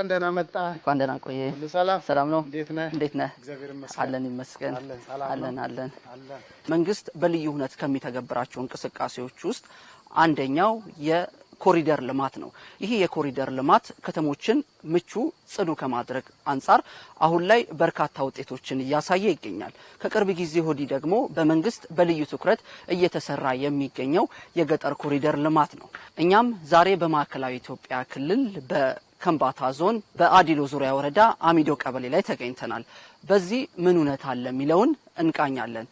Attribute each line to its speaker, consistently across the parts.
Speaker 1: እንኳን ደህና መጣ።
Speaker 2: እንኳን ደህና ቆየ። ሰላም ሰላም ነው። እንዴት ነህ? እንዴት ነህ?
Speaker 1: እግዚአብሔር ይመስገን
Speaker 2: አለን ይመስገን አለን አለን። መንግስት በልዩ ሁነት ከሚተገብራቸው እንቅስቃሴዎች ውስጥ አንደኛው የኮሪደር ልማት ነው። ይህ የኮሪደር ልማት ከተሞችን ምቹ፣ ጽዱ ከማድረግ አንጻር አሁን ላይ በርካታ ውጤቶችን እያሳየ ይገኛል። ከቅርብ ጊዜ ወዲህ ደግሞ በመንግስት በልዩ ትኩረት እየተሰራ የሚገኘው የገጠር ኮሪደር ልማት ነው። እኛም ዛሬ በማዕከላዊ ኢትዮጵያ ክልል በ ከምባታ ዞን በአዲሎ ዙሪያ ወረዳ አሚዶ ቀበሌ ላይ ተገኝተናል። በዚህ ምን እውነት አለ የሚለውን እንቃኛለን።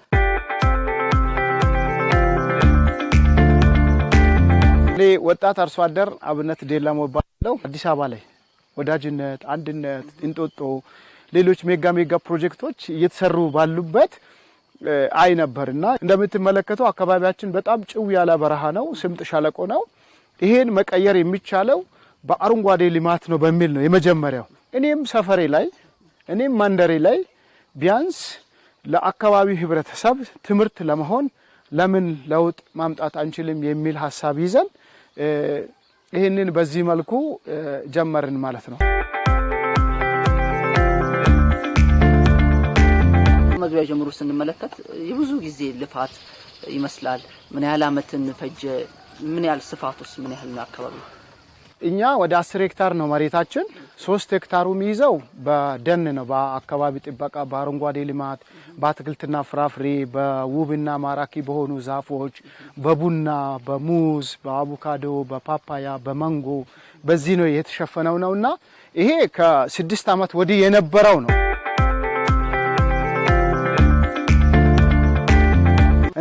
Speaker 1: ወጣት አርሶ አደር አብነት ዴላሞ እባላለሁ። አዲስ አበባ ላይ ወዳጅነት፣ አንድነት፣ እንጦጦ፣ ሌሎች ሜጋ ሜጋ ፕሮጀክቶች እየተሰሩ ባሉበት አይ ነበር እና እንደምትመለከተው አካባቢያችን በጣም ጭው ያለ በረሃ ነው፣ ስምጥ ሸለቆ ነው። ይሄን መቀየር የሚቻለው በአረንጓዴ ልማት ነው በሚል ነው የመጀመሪያው። እኔም ሰፈሬ ላይ እኔም ማንደሬ ላይ ቢያንስ ለአካባቢ ህብረተሰብ ትምህርት ለመሆን ለምን ለውጥ ማምጣት አንችልም የሚል ሀሳብ ይዘን ይህንን በዚህ መልኩ ጀመርን ማለት ነው።
Speaker 2: መግቢያ ጀምሮ ስንመለከት የብዙ ጊዜ ልፋት ይመስላል። ምን ያህል አመትን ፈጀ? ምን ያህል ስፋት ውስጥ ምን ያህል ነው አካባቢ
Speaker 1: እኛ ወደ አስር ሄክታር ነው መሬታችን። ሶስት ሄክታሩ የሚይዘው በደን ነው፣ በአካባቢ ጥበቃ፣ በአረንጓዴ ልማት፣ በአትክልትና ፍራፍሬ፣ በውብና ማራኪ በሆኑ ዛፎች፣ በቡና፣ በሙዝ፣ በአቮካዶ፣ በፓፓያ፣ በማንጎ በዚህ ነው የተሸፈነው ነው እና ይሄ ከስድስት ዓመት ወዲህ የነበረው ነው።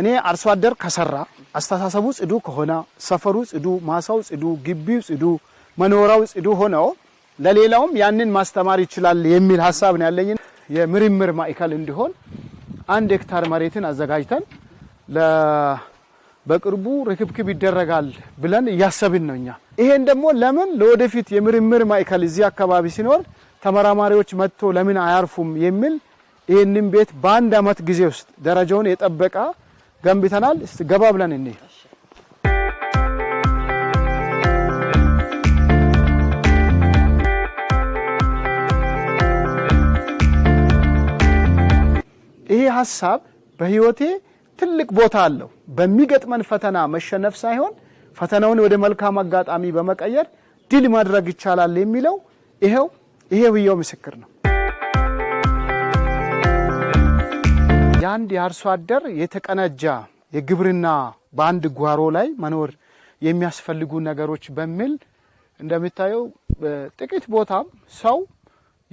Speaker 1: እኔ አርሶ አደር ከሰራ አስተሳሰቡ ጽዱ ከሆነ ሰፈሩ ጽዱ፣ ማሳው ጽዱ፣ ግቢው ጽዱ፣ መኖሪያው ጽዱ ሆነው ለሌላውም ያንን ማስተማር ይችላል የሚል ሀሳብ ነው ያለኝ። የምርምር ማዕከል እንዲሆን አንድ ሄክታር መሬትን አዘጋጅተን በቅርቡ ርክብክብ ይደረጋል ብለን እያሰብን ነው እኛ። ይሄን ደግሞ ለምን ለወደፊት የምርምር ማዕከል እዚህ አካባቢ ሲኖር ተመራማሪዎች መጥቶ ለምን አያርፉም የሚል ይህንን ቤት በአንድ አመት ጊዜ ውስጥ ደረጃውን የጠበቀ ገንብተናል። እስቲ ገባ ብለን እንይ። ይሄ ሀሳብ በህይወቴ ትልቅ ቦታ አለው። በሚገጥመን ፈተና መሸነፍ ሳይሆን ፈተናውን ወደ መልካም አጋጣሚ በመቀየር ድል ማድረግ ይቻላል የሚለው ይሄው ይሄው ህየው ምስክር ነው። የአንድ የአርሶ አደር የተቀናጃ የግብርና በአንድ ጓሮ ላይ መኖር የሚያስፈልጉ ነገሮች በሚል እንደሚታየው ጥቂት ቦታም ሰው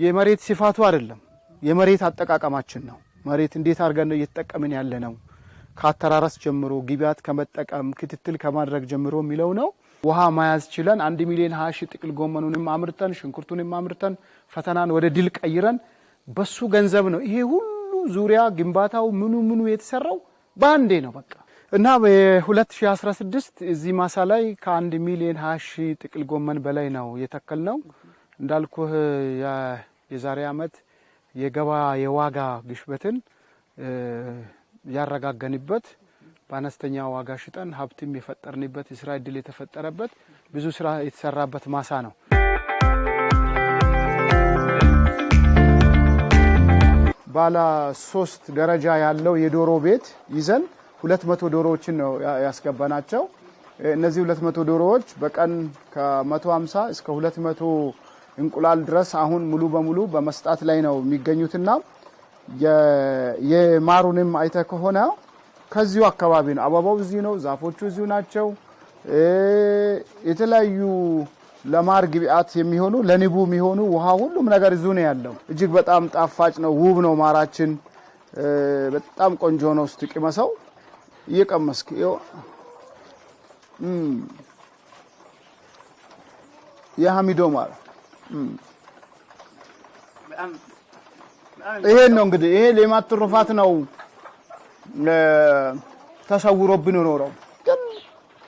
Speaker 1: የመሬት ስፋቱ አይደለም የመሬት አጠቃቀማችን ነው። መሬት እንዴት አድርገን ነው እየተጠቀምን ያለ ነው ከአተራረስ ጀምሮ ግብዓት ከመጠቀም ክትትል ከማድረግ ጀምሮ የሚለው ነው። ውሃ መያዝ ችለን አንድ ሚሊዮን ሀያ ሺህ ጥቅል ጎመኑንም አምርተን ሽንኩርቱንም አምርተን ፈተናን ወደ ድል ቀይረን በሱ ገንዘብ ነው ይሄ ሁሉ ዙሪያ ግንባታው ምኑ ምኑ የተሰራው በአንዴ ነው በቃ እና በ2016 እዚህ ማሳ ላይ ከአንድ ሚሊዮን ሀያ ሺ ጥቅል ጎመን በላይ ነው የተከል ነው። እንዳልኩህ የዛሬ አመት የገባ የዋጋ ግሽበትን ያረጋገንበት በአነስተኛ ዋጋ ሽጠን ሀብትም የፈጠርንበት የስራ እድል የተፈጠረበት ብዙ ስራ የተሰራበት ማሳ ነው። ባለ ሶስት ደረጃ ያለው የዶሮ ቤት ይዘን ሁለት መቶ ዶሮዎችን ነው ያስገባናቸው። እነዚህ ሁለት መቶ ዶሮዎች በቀን ከ150 እስከ 200 እንቁላል ድረስ አሁን ሙሉ በሙሉ በመስጣት ላይ ነው የሚገኙትና የማሩንም አይተ ከሆነ ከዚሁ አካባቢ ነው። አበባው እዚሁ ነው። ዛፎቹ እዚሁ ናቸው። የተለያዩ ለማር ግብአት የሚሆኑ ለንቡ የሚሆኑ ውሃ ሁሉም ነገር እዚሁ ነው ያለው። እጅግ በጣም ጣፋጭ ነው፣ ውብ ነው። ማራችን በጣም ቆንጆ ነው። ስትቅመሰው እየቀመስክ የሀሚዶ ማር ይሄን ነው እንግዲህ ይሄ ሌማት ትሩፋት ነው ተሰውሮብን ኖረው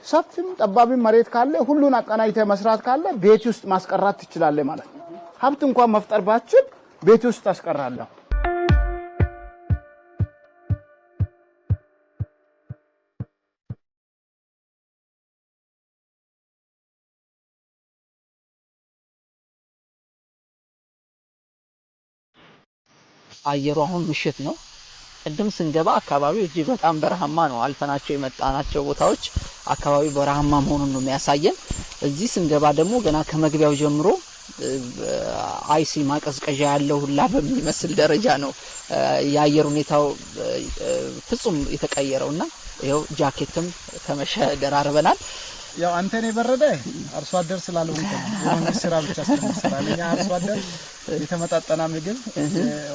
Speaker 1: ሰፊም ጠባብም መሬት ካለ ሁሉን አቀናጅተ መስራት ካለ ቤት ውስጥ ማስቀራት ትችላለ ማለት ነው። ሀብት እንኳን መፍጠር ባችል ቤት ውስጥ አስቀራለሁ።
Speaker 2: አየሩ አሁን ምሽት ነው። ቅድም ስንገባ አካባቢው እጅግ በጣም በረሃማ ነው። አልፈናቸው የመጣናቸው ቦታዎች አካባቢው በረሃማ መሆኑን ነው የሚያሳየን። እዚህ ስንገባ ደግሞ ገና ከመግቢያው ጀምሮ አይሲ ማቀዝቀዣ ያለው ሁላ በሚመስል ደረጃ ነው የአየር ሁኔታው ፍጹም የተቀየረው ና ይኸው ጃኬትም ከመሸ ደራርበናል።
Speaker 1: ያው አንተን የበረደ አርሶ አደር ስላልሆንክ የመንግስት ስራ ብቻ ስለምሰራ ለኛ አርሶ አደር የተመጣጠና ምግብ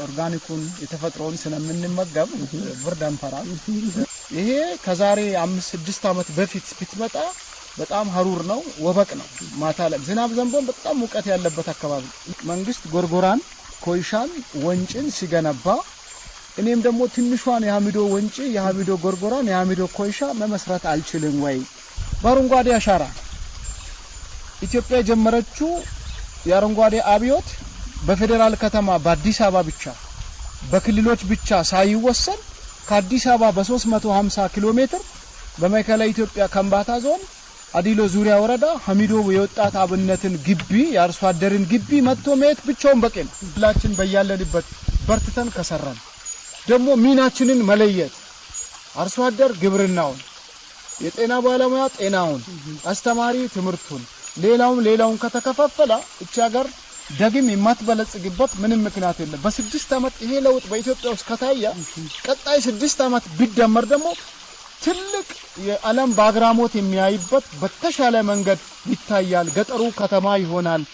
Speaker 1: ኦርጋኒኩን የተፈጥሮውን ስለምንመገብ ብርድ አንፈራ። ይሄ ከዛሬ አምስት ስድስት ዓመት በፊት ብትመጣ በጣም ሀሩር ነው፣ ወበቅ ነው። ማታ ላይ ዝናብ ዘንቦን በጣም ሙቀት ያለበት አካባቢ መንግስት ጎርጎራን፣ ኮይሻን፣ ወንጭን ሲገነባ እኔም ደግሞ ትንሿን የሀሚዶ ወንጭ፣ የሀሚዶ ጎርጎራን፣ የሀሚዶ ኮይሻ መመስረት አልችልም ወይ በአረንጓዴ አሻራ ኢትዮጵያ የጀመረችው የአረንጓዴ አብዮት በፌዴራል ከተማ በአዲስ አበባ ብቻ በክልሎች ብቻ ሳይወሰን ከአዲስ አበባ በ350 ኪሎ ሜትር በማዕከላዊ ኢትዮጵያ ከምባታ ዞን አዲሎ ዙሪያ ወረዳ ሀሚዶ የወጣት አብነትን ግቢ የአርሶ አደርን ግቢ መጥቶ ማየት ብቻውን በቂ ነው። ሁላችን በያለንበት በርትተን ከሰራን ደግሞ ሚናችንን መለየት አርሶ አደር ግብርናውን የጤና ባለሙያ ጤናውን፣ አስተማሪ ትምህርቱን፣ ሌላውም ሌላውን ከተከፋፈለ እቺ ሀገር ደግም የማትበለጽግበት ምንም ምክንያት የለም። በስድስት ዓመት ይሄ ለውጥ በኢትዮጵያ ውስጥ ከታየ ቀጣይ ስድስት ዓመት ቢደመር ደግሞ ትልቅ የዓለም በአግራሞት የሚያይበት በተሻለ መንገድ ይታያል። ገጠሩ ከተማ ይሆናል።